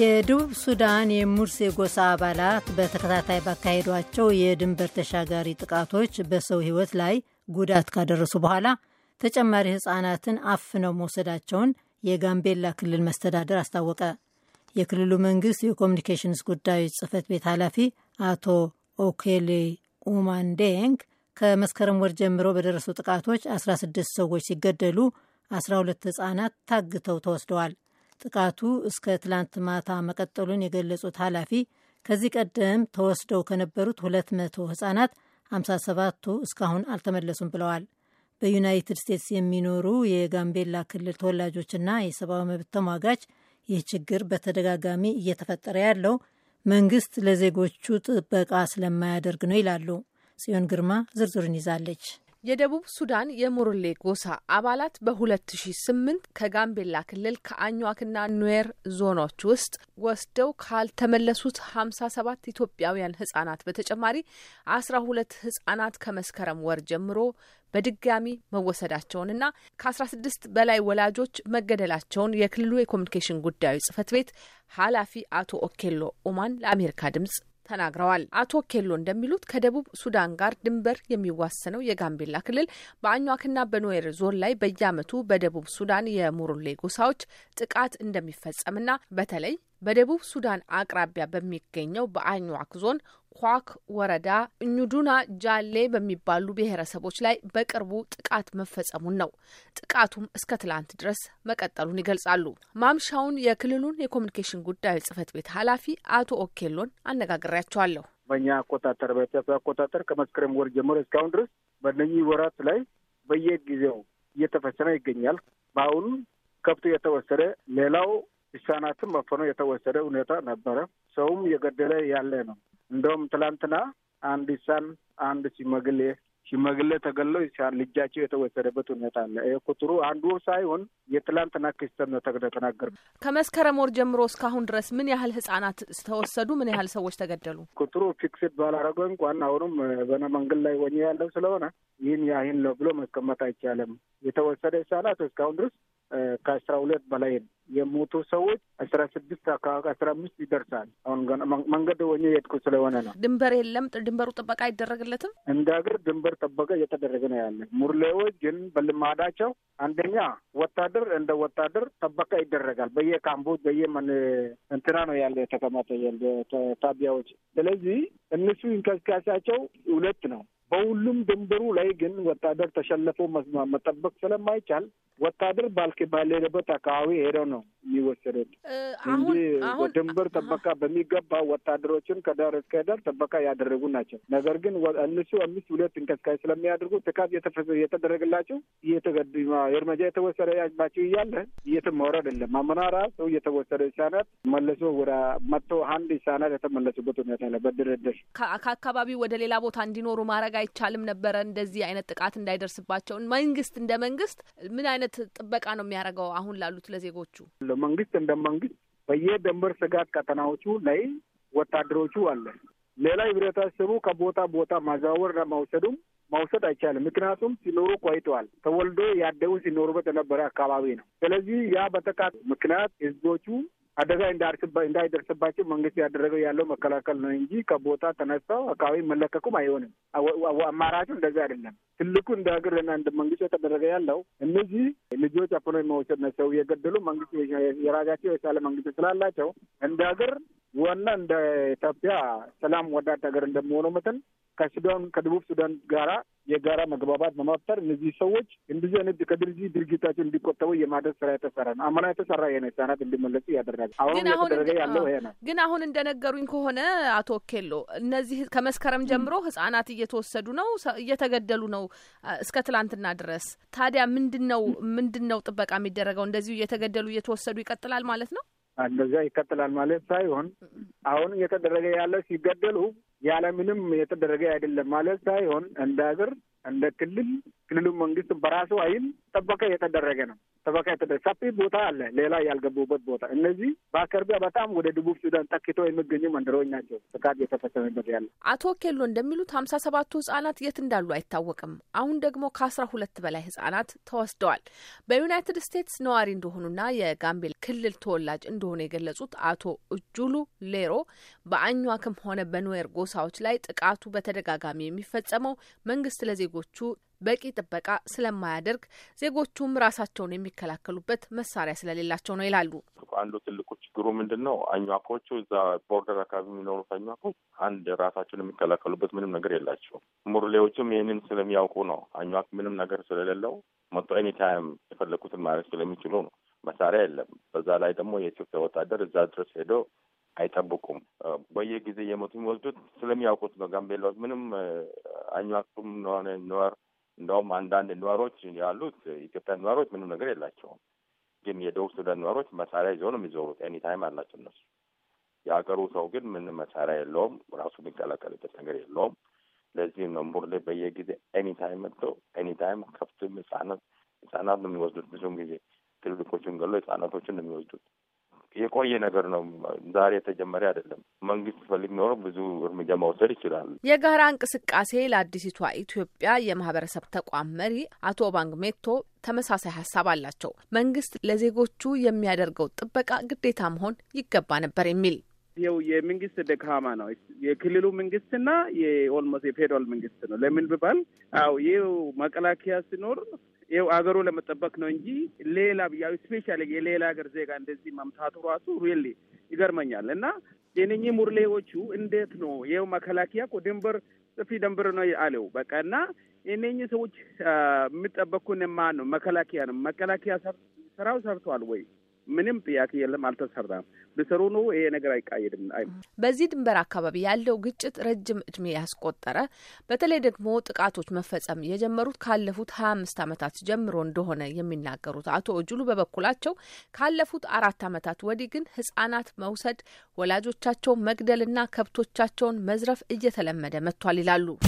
የደቡብ ሱዳን የሙርሴ ጎሳ አባላት በተከታታይ ባካሄዷቸው የድንበር ተሻጋሪ ጥቃቶች በሰው ሕይወት ላይ ጉዳት ካደረሱ በኋላ ተጨማሪ ሕፃናትን አፍነው መውሰዳቸውን የጋምቤላ ክልል መስተዳደር አስታወቀ። የክልሉ መንግስት የኮሚኒኬሽንስ ጉዳዮች ጽህፈት ቤት ኃላፊ አቶ ኦኬሌ ኡማንዴንግ ከመስከረም ወር ጀምሮ በደረሱ ጥቃቶች 16 ሰዎች ሲገደሉ 12 ሕፃናት ታግተው ተወስደዋል። ጥቃቱ እስከ ትላንት ማታ መቀጠሉን የገለጹት ኃላፊ ከዚህ ቀደም ተወስደው ከነበሩት 200 ህጻናት 57ቱ እስካሁን አልተመለሱም ብለዋል። በዩናይትድ ስቴትስ የሚኖሩ የጋምቤላ ክልል ተወላጆችና የሰብአዊ መብት ተሟጋች ይህ ችግር በተደጋጋሚ እየተፈጠረ ያለው መንግስት ለዜጎቹ ጥበቃ ስለማያደርግ ነው ይላሉ። ጽዮን ግርማ ዝርዝሩን ይዛለች። የደቡብ ሱዳን የሙርሌ ጎሳ አባላት በ2008 ከጋምቤላ ክልል ከአኟዋክና ኑዌር ዞኖች ውስጥ ወስደው ካልተመለሱት 57 ኢትዮጵያውያን ህጻናት በተጨማሪ 12 ህጻናት ከመስከረም ወር ጀምሮ በድጋሚ መወሰዳቸውንና ከ16 በላይ ወላጆች መገደላቸውን የክልሉ የኮሚኒኬሽን ጉዳዮች ጽህፈት ቤት ኃላፊ አቶ ኦኬሎ ኡማን ለአሜሪካ ድምጽ ተናግረዋል። አቶ ኬሎ እንደሚሉት ከደቡብ ሱዳን ጋር ድንበር የሚዋሰነው የጋምቤላ ክልል በአኟክና በኖዌር ዞን ላይ በየዓመቱ በደቡብ ሱዳን የሙሩሌ ጎሳዎች ጥቃት እንደሚፈጸምና በተለይ በደቡብ ሱዳን አቅራቢያ በሚገኘው በአኝዋክ ዞን ኳክ ወረዳ እኙዱና ጃሌ በሚባሉ ብሔረሰቦች ላይ በቅርቡ ጥቃት መፈጸሙን ነው። ጥቃቱም እስከ ትላንት ድረስ መቀጠሉን ይገልጻሉ። ማምሻውን የክልሉን የኮሚኒኬሽን ጉዳዮች ጽህፈት ቤት ኃላፊ አቶ ኦኬሎን አነጋግሬያቸዋለሁ። በእኛ አቆጣጠር በኢትዮጵያ አቆጣጠር ከመስከረም ወር ጀምሮ እስካሁን ድረስ በእነኚህ ወራት ላይ በየጊዜው እየተፈጸመ ይገኛል። በአሁኑ ከብቱ የተወሰደ ሌላው ህጻናትም መፈኖ የተወሰደ ሁኔታ ነበረ። ሰውም እየገደለ ያለ ነው። እንደውም ትላንትና አንድ ህጻን አንድ ሲመግሌ ሽማግሌ ተገሎ ልጃቸው የተወሰደበት ሁኔታ አለ። ይህ ቁጥሩ አንዱ ሳይሆን የትላንትና ክስተት ነው ተናገር ከመስከረም ወር ጀምሮ እስካሁን ድረስ ምን ያህል ህጻናት ተወሰዱ? ምን ያህል ሰዎች ተገደሉ? ቁጥሩ ፊክስድ ባላረገ እንኳን አሁንም በነ መንገድ ላይ ወኘ ያለው ስለሆነ ይህን ያህል ነው ብሎ መስቀመጥ አይቻልም። የተወሰደ ህጻናት እስካሁን ድረስ ከአስራ ሁለት በላይ የሞቱ ሰዎች አስራ ስድስት አካባቢ አስራ አምስት ይደርሳል። አሁን መንገድ ሆኜ የጥቁ ስለሆነ ነው። ድንበር የለም። ድንበሩ ጥበቃ አይደረግለትም። እንደ ሀገር ድንበር ጥበቃ እየተደረገ ነው ያለ። ሙርሌዎች ግን በልማዳቸው አንደኛ ወታደር እንደ ወታደር ጥበቃ ይደረጋል። በየካምቦ በየመን እንትና ነው ያለ የተቀመጠ ታቢያዎች። ስለዚህ እነሱ እንቅስቃሴያቸው ሁለት ነው። በሁሉም ድንበሩ ላይ ግን ወታደር ተሸልፎ መጠበቅ ስለማይቻል ወታደር ባልክ ባሌለበት አካባቢ ሄደው ነው የሚወሰዱት እንጂ ድንበር ጥበቃ በሚገባ ወታደሮችን ከዳር እስከ ዳር ጥበቃ ያደረጉ ናቸው። ነገር ግን እነሱ አምስት ሁለት እንቅስቃሴ ስለሚያደርጉ ጥቃት የተደረገላቸው እርምጃ የተወሰደባቸው እያለ እየተመወረ አይደለም። አመራራ ሰው እየተወሰደ ህጻናት መለሶ ወደ መቶ አንድ ህጻናት የተመለሱበት ሁኔታ ለ በድርድር ከአካባቢው ወደ ሌላ ቦታ እንዲኖሩ ማድረግ አይቻልም ነበረ እንደዚህ አይነት ጥቃት እንዳይደርስባቸው? መንግስት እንደ መንግስት ምን አይነት ጥበቃ ነው የሚያደርገው አሁን ላሉት ለዜጎቹ? ለመንግስት እንደ መንግስት በየድንበር ስጋት ቀጠናዎቹ ላይ ወታደሮቹ አለ። ሌላ ህብረተሰቡ ከቦታ ቦታ ማዘዋወርና መውሰዱም መውሰድ አይቻልም። ምክንያቱም ሲኖሩ ቆይተዋል። ተወልዶ ያደጉ ሲኖሩበት የነበረ አካባቢ ነው። ስለዚህ ያ በጥቃት ምክንያት ህዝቦቹ አደጋ እንዳይደርስባቸው መንግስት ያደረገው ያለው መከላከል ነው እንጂ ከቦታ ተነሳው አካባቢ መለቀቁም አይሆንም። አማራጩ እንደዚህ አይደለም። ትልቁ እንደ ሀገርና እንደ መንግስት የተደረገ ያለው እነዚህ ልጆች አፍኖ የመውሰድ ነው። ሰው የገደሉ መንግስት የራሳቸው የቻለ መንግስት ስላላቸው እንደ ሀገር ዋና እንደ ኢትዮጵያ ሰላም ወዳድ ሀገር እንደመሆነው መጠን ከሱዳን ከደቡብ ሱዳን ጋራ የጋራ መግባባት በመፍጠር እነዚህ ሰዎች እንደዚህ አይነት ከድርጅት ድርጊታቸው እንዲቆጠቡ የማድረግ ስራ የተሰራ ነው። አምና የተሰራ ይሄን ህጻናት እንዲመለሱ ያደረገ አሁን የተደረገ ያለው ይሄ ነው። ግን አሁን እንደነገሩኝ ከሆነ አቶ ኬሎ እነዚህ ከመስከረም ጀምሮ ህጻናት እየተወሰዱ ነው፣ እየተገደሉ ነው እስከ ትላንትና ድረስ። ታዲያ ምንድን ነው ምንድን ነው ጥበቃ የሚደረገው? እንደዚሁ እየተገደሉ እየተወሰዱ ይቀጥላል ማለት ነው? እንደዚያ ይከተላል ማለት ሳይሆን አሁን እየተደረገ ያለ ሲገደሉ ያለምንም የተደረገ አይደለም ማለት ሳይሆን እንደ ሀገር እንደ ክልል ክልሉ መንግስት በራሱ አይን ጠበቀ እየተደረገ ነው። ጠበቃ የተደ ሰፊ ቦታ አለ። ሌላ ያልገቡበት ቦታ እነዚህ በአከርቢያ በጣም ወደ ደቡብ ሱዳን ጠኪቶ የሚገኙ መንደሮች ናቸው። ጥቃት ያለ አቶ ኬሎ እንደሚሉት ሀምሳ ሰባቱ ህጻናት የት እንዳሉ አይታወቅም። አሁን ደግሞ ከአስራ ሁለት በላይ ህጻናት ተወስደዋል። በዩናይትድ ስቴትስ ነዋሪ እንደሆኑና የጋምቤ ክልል ተወላጅ እንደሆኑ የገለጹት አቶ እጁሉ ሌሮ በአኟክም ሆነ በኑዌር ጎሳዎች ላይ ጥቃቱ በተደጋጋሚ የሚፈጸመው መንግስት ለዜጎቹ በቂ ጥበቃ ስለማያደርግ ዜጎቹም ራሳቸውን የሚከላከሉበት መሳሪያ ስለሌላቸው ነው ይላሉ። አንዱ ትልቁ ችግሩ ምንድን ነው? አኟኮቹ እዛ ቦርደር አካባቢ የሚኖሩት አኟኮች አንድ ራሳቸውን የሚከላከሉበት ምንም ነገር የላቸውም። ሙርሌዎችም ይህንን ስለሚያውቁ ነው አኟክ ምንም ነገር ስለሌለው መቶ ኤኒታይም የፈለኩትን ማለት ስለሚችሉ ነው። መሳሪያ የለም። በዛ ላይ ደግሞ የኢትዮጵያ ወታደር እዛ ድረስ ሄዶ አይጠብቁም። በየጊዜ የመቱ የሚወስዱት ስለሚያውቁት ነው። ጋምቤላ ምንም አኟክቱም ሆነ ነዋር እንደውም አንዳንድ ነዋሪዎች ያሉት ኢትዮጵያ ነዋሪዎች ምንም ነገር የላቸውም። ግን የደቡብ ሱዳን ነዋሪዎች መሳሪያ ይዘው ነው የሚዞሩት። ኤኒ አላቸው እነሱ። የሀገሩ ሰው ግን ምን መሳሪያ የለውም። ራሱ የሚቀላቀልበት ነገር የለውም። ለዚህም ነው ሙርሌ በየጊዜ ኤኒ ታይም መጥተው ኤኒ ታይም ህጻናት ህጻናት ነው የሚወስዱት። ብዙም ጊዜ ትልልቆቹን ገሎ ህጻናቶችን ነው የሚወስዱት። የቆየ ነገር ነው። ዛሬ የተጀመረ አይደለም። መንግስት ፈልግ ኖሮ ብዙ እርምጃ መውሰድ ይችላል። የጋራ እንቅስቃሴ ለአዲሲቷ ኢትዮጵያ የማህበረሰብ ተቋም መሪ አቶ ባንግ ሜቶ ተመሳሳይ ሀሳብ አላቸው። መንግስት ለዜጎቹ የሚያደርገው ጥበቃ ግዴታ መሆን ይገባ ነበር የሚል ይኸው የመንግስት ደካማ ነው። የክልሉ መንግስትና የኦልሞስ የፌዴራል መንግስት ነው። ለምን ብባል አው ይኸው መከላከያ ሲኖር ይኸው አገሩ ለመጠበቅ ነው እንጂ ሌላ ብያዊ ስፔሻል የሌላ ሀገር ዜጋ እንደዚህ መምታቱ ራሱ ሪሊ ይገርመኛል። እና የነኚህ ሙርሌዎቹ እንዴት ነው ይኸው መከላከያ እኮ ድንበር ጽፊ ደንበር ነው አለው በቃ እና የእነኚህ ሰዎች የሚጠበቁን ማን ነው? መከላከያ ነው። መከላከያ ስራው ሰርቷል ወይ? ምንም ጥያቄ የለም። አልተሰራም። ብስሩ ነው ይሄ ነገር አይቃየድም። በዚህ ድንበር አካባቢ ያለው ግጭት ረጅም እድሜ ያስቆጠረ በተለይ ደግሞ ጥቃቶች መፈጸም የጀመሩት ካለፉት ሀያ አምስት ዓመታት ጀምሮ እንደሆነ የሚናገሩት አቶ እጅሉ በበኩላቸው ካለፉት አራት አመታት ወዲህ ግን ህጻናት መውሰድ፣ ወላጆቻቸው መግደልና ከብቶቻቸውን መዝረፍ እየተለመደ መጥቷል ይላሉ።